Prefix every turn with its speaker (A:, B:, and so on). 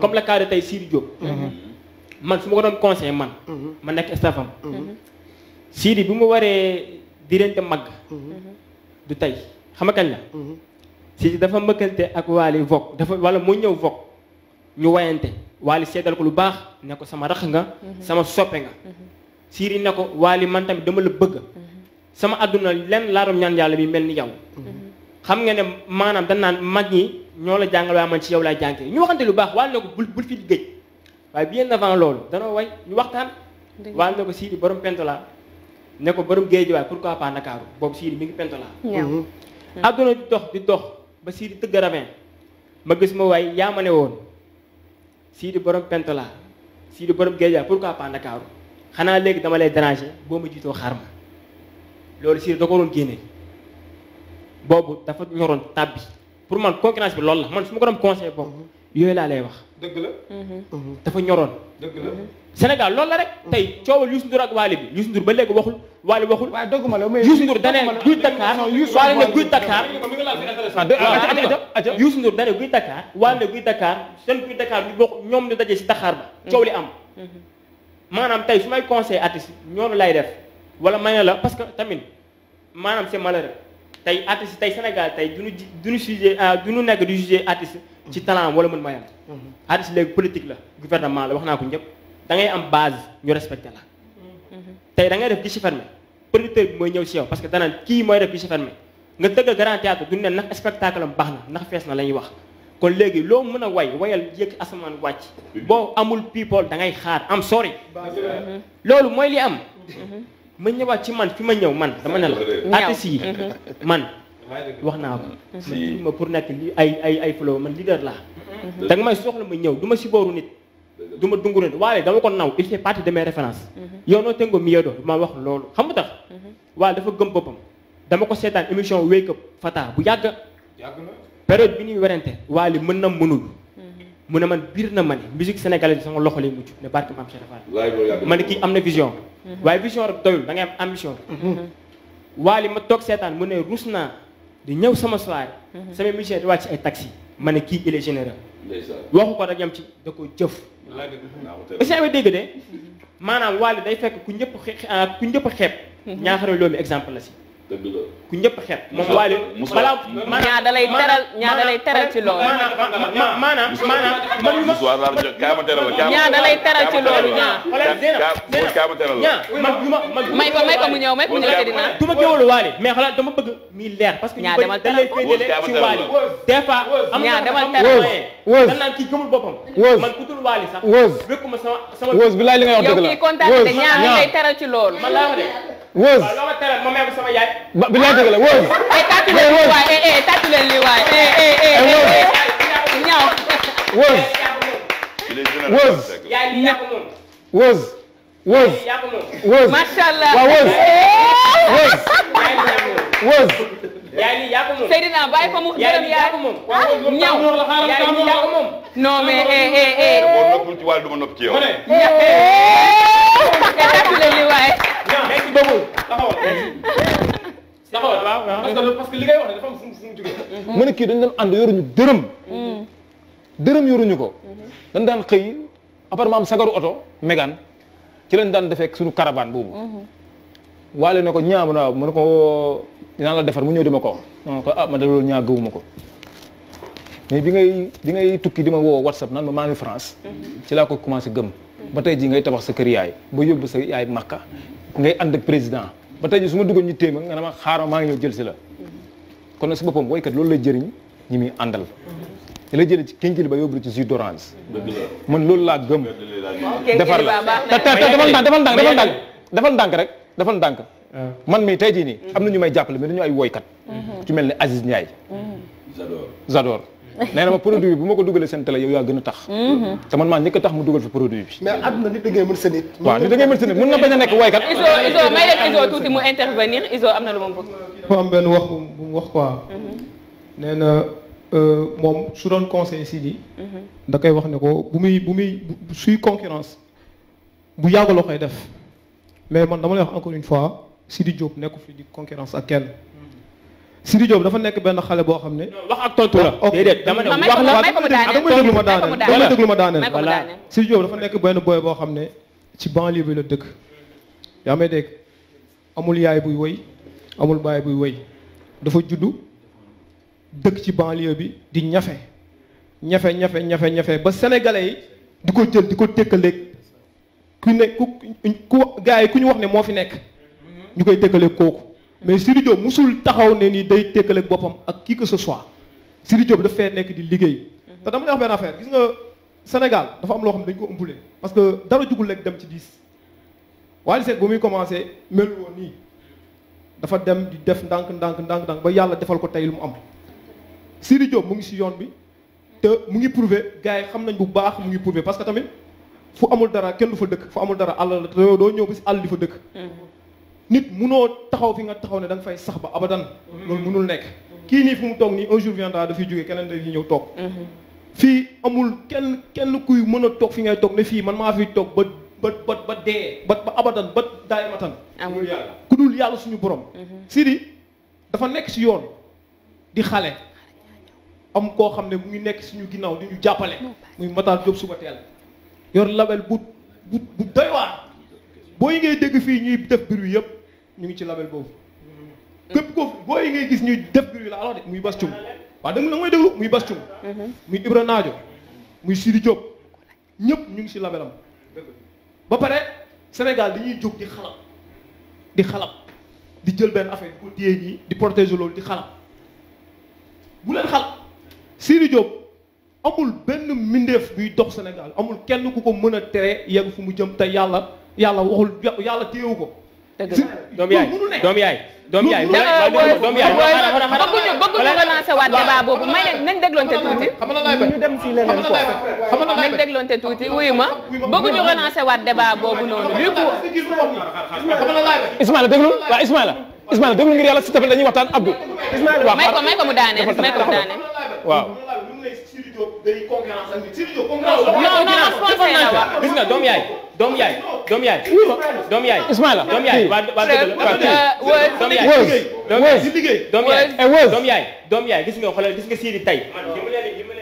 A: comme le cas de tey Sidi Diop. Mhm. man su ma ko doon conseil man. Mhm. ma nekk staffam. Mhm. Sidi bi mu waree diggante mag. du tey xam nga kañ la. Sidi dafa mëkkante ak Waly Vogue dafa wala mu ñëw Vogue ñu wayante Waly seddal ko lu baax ne ko sama rax nga. sama soppe nga. Sidi ne ko Waly man tamit dama la bëgg. sama àdduna lenn laa doon ñaan yàlla bi mel ni yow. xam nga ne maanaam dañ mag ñi. ñoo la jàngal waaye man ci yow laay jàngee ñu waxante lu baax waal na ko bul bul fi géej waaye bien avant loolu danoo way ñu waxtaan waal na ko Sidi borom pentola ne ko borom géej waaye pourquoi pas Ndakaaru boobu Sidi mi ngi pentola mm-hmm. mm-hmm. di dox ba Sidi tëgg gis ma waay yaa ma ne woon Sidi borom pentola Sidi géej waaye pourquoi xanaa léegi dama lay déranger boo ma jiitoo xaar loolu Sidi da ko doon génne boobu dafa ñoroon tàbbi pour man concurrence bi lool la man su ma ko doon conseil boobu mhm. yooyu laa lay wax.
B: dëgg la. Mhm. Mhm. dafa ñoroon. dëgg la
A: Sénégal loolu la rek. tey coowal Youssou Ndour ak Waly bi Youssou Ndour ba léegi waxul Waly waxul. waaw dëgg la mais Youssou Ndour danee guy Dakar. Waly ne guy Dakar. Youssou Ndour danee guy Dakar. Waly seen guy Dakar ñu ñoom ñu daje si Dakar ba. coow li am. maanaam tey su may conseil artiste ñoonu lay def wala may na la parce que tamit maanaam c'est malheureux tey artiste tey Sénégal tey duñu ji duñu jugé euh, duñu nekk di jugé artiste ci talent wala mën mayam mhm. artiste léegi politique la gouvernement la wax naa ko ñëpp da ngay am base ñu respecté la mhm. tey da ref def guichet fermé producteur bi mooy ñëw si parce que danaan kii mooy def guichet fermé nga dëgg grand théâtre duñu ne ndax spectacle am baax na ndax fees na la ñuy wax kon léegi loo mën a way wayal yëkk asamaan wàcc boo amul people da ngay xaar am sori mhm. loolu mooy li am ma ñëwaat ci man fi ma ñëw man dama ne la artiste mhm. man wax naa ko man lii ma pour nekk li ay ay ay flow man leader laa mhm. da may soxla ma ñëw du ma si booru nit duma ma dungu nit waaye dama ko naw il fait partie de mes mhm. yow noo tengo miedo ma wax loolu xam nga tax waaye dafa gëm boppam dama ko seetaan émission wake up fata bu yàgg période bi ñuy werante waaye li mën na mënul mu ne man biir na ma ne musique sénégalaise bi sama loxo lay mujj ne barke maam Cheikh Fall ma ne kii am na vision mhm. waaye vision rek doyul da ngay am ambition mhm. waali ma toog seetaan mu ne rus naa di ñëw sama soirée mhm. sama musicien di wàcc ay taxi ma ne kii il est généreux waxu ko rek yam ci da ko jëf
B: aussi amee
A: maanaam waali day fekk ku ñëpp ku ñëpp xeeb ñaaxare loolu exemple la si dëgg la ku ñëpp ñaa da teral ci loolu
B: ñaa may ko mu ñëw may ko mu ñëw dina du ma
A: géwalu mi leer ñaa demal teral ci Wally des ñaa demal teral wóos dañ naan kii gëmul li nga wax dëgg la wóor waaw loo ma tere ma may ko sama yaay.
B: ba bi laa dëgg la wóor. tàccu leen lii waay
A: eh, eh, tàccu leen lii waay. Eh, ñaaw.
B: wóor. wóor.
A: yaay lii yaa ko moom.
B: wóor. wóor. wóor. macha allah. waaw wóor. wóor. wóor. non mais. boo noppul ci wàllu parce que ne kii dañu doon ànd yoruñu dërëm. dërëm yoruñu ko. dañ daan xëy apparemment am sagaru oto Mégane ci lañ daan defee suñu caravane boobu. waale ne ko ñaa naa a mun ko dinaa la defar mu ñëw di ma ko wax. ah man de loolu ko. mais bi ngay bi tukki di ma woo WhatsApp naan ma maa France. ci laa ko commencé gëm. ba tey ji ngay tabax sa kër yaay ba yóbbu sa yaay makka ngay ànd ak président ba tey ji su ma duggoon ñu téema nga ne ma xaaral maa ngi ñëw jël si la kon nag si boppam woykat loolu lay jëriñ ñi muy àndal da lay jëlee ci kénkili ba yóbbu ci jus d'orange man loolu laa gëm la te te defal ndànk defal ndànk defal ndànk defal ndànk rek defal ndànk ah. man mii tey jii nii am na ñu may jàppale mais dañu ay woykat mhm. ci mel ni Aziz Ndiaye Zador mhm. nee na ma produit bi bu ma ko dugalee seen télé yow yaa gën a tax mhm. te man maa njëkk a tax mu dugal fi produit bi mais àdduna nit da ngay mën sa nit waaw nit da ngay mën a na lu ma bëgg dafa am bu mu wax quoi mhm. nee na euh, moom su doon conseil si di mhm. da koy wax ne ko bu muy bu muy suy concurrence bu yàgg la koy def mais man dama lay wax encore une fois si di Diop nekk fi di concurrence ak kenn Sidi Diop dafa nekk benn xale boo xam ne. wax ak tontu la. déedéet dama ne wax la damay déglu ma daaneel damay déglu ma daaneel. voilà Sidi Diop dafa nekk benn boy boo xam ne ci banlieue bi la dëkk. yaa may dégg amul yaay buy woy amul baay buy woy dafa juddu dëkk ci banlieue bi di ñafe ñafe ñafe ñafe ñafe ba sénégalais yi di ko jël di ko tëkkaleeg ku ne ku ku yi ku ñu wax ne moo fi nekk ñu koy tëkkaleeg kooku. mais Sidy Diop taxaw ne ni day tekkaleeg boppam ak qui que ce soit Sidy daf fee nekk di liggéey. te dama gis nga Sénégal dafa am loo xam ne dañ ko ëmbulee parce que dara jugul dem ci diis Wally Seck ba muy commencé mel woon nii dafa dem di def ndànk ndànk ndànk ndànk yàlla defal ko tey lu mu am. Sidy mu ngi si yoon bi te mu ngi prouvé gars yi xam nañ bu baax mu ngi prouvé parce que tamit fu amul dara kenn du fa dëkk fu amul dara àll la te doo ñëw ba si àll di fa dëkk. Mm-hmm. nit munoo taxaw fi nga taxaw ne da fay sax ba abadan loolu munul nekk kii nii fu mu toog nii un jour viendra dafay jóge keneen dañuy ñëw toog mhm. fii amul kenn kenn kuy mën a toog fi ngay toog ne fii man maa fi toog ba ba ba dee ba ba abadan ba daayamatan amul ku dul yàlla suñu borom mhm. Sidy dafa nekk si yoon di xale am koo xam ne mu ngi nekk suñu ginnaaw di ñu jàppale muy Matar Diop suba teel yor label bu bu bu doy waar booy ngay dégg fii ñuy def bruit yëpp ñu ngi ci label boobu képp ko booy ngay gis ñuy def bruit la alors de muy Bass Thioung waaw da nga may déglu muy Bass Thioung mhm. muy Ibra muy Sidi Diop ñu ngi ci labelam ba pare Sénégal dañuy jóg di xalab di xalab di jël benn affaire di ko téye di protéger loolu di xalab bu leen xalab Sidi Diop amul benn mbindeef buy dox Sénégal amul kenn ku ko mën a tere yegg fu mu jëm te yàlla yàlla waxul yàlla téewu ko. dëgg la doom yaay doom yaay. doom yaay doom yaay bëgguñu bëgguñu relancer waat débat boobu may leen nañ dégloonte tuuti. ñu dem si leneen quoi nañ dégloonte tuuti wuyu ma bëgguñu relancer waat débat boobu noonu du coup. Ismaila déglu waaw Ismaila Ismaila déglu ngir yàlla si tamit dañuy waxtaan Abdou. may ko mu daaneel may ko mu daaneel day concurrence ak nit sérieux concurrence. non non sponsor nañ ko
A: gis nga doom yaay. doom yaay doom yaay. doom yaay Ismaïla doom yaay waa waa dëgg la doom yaay doom yaay gis nga xoolal gis nga Sidi tey.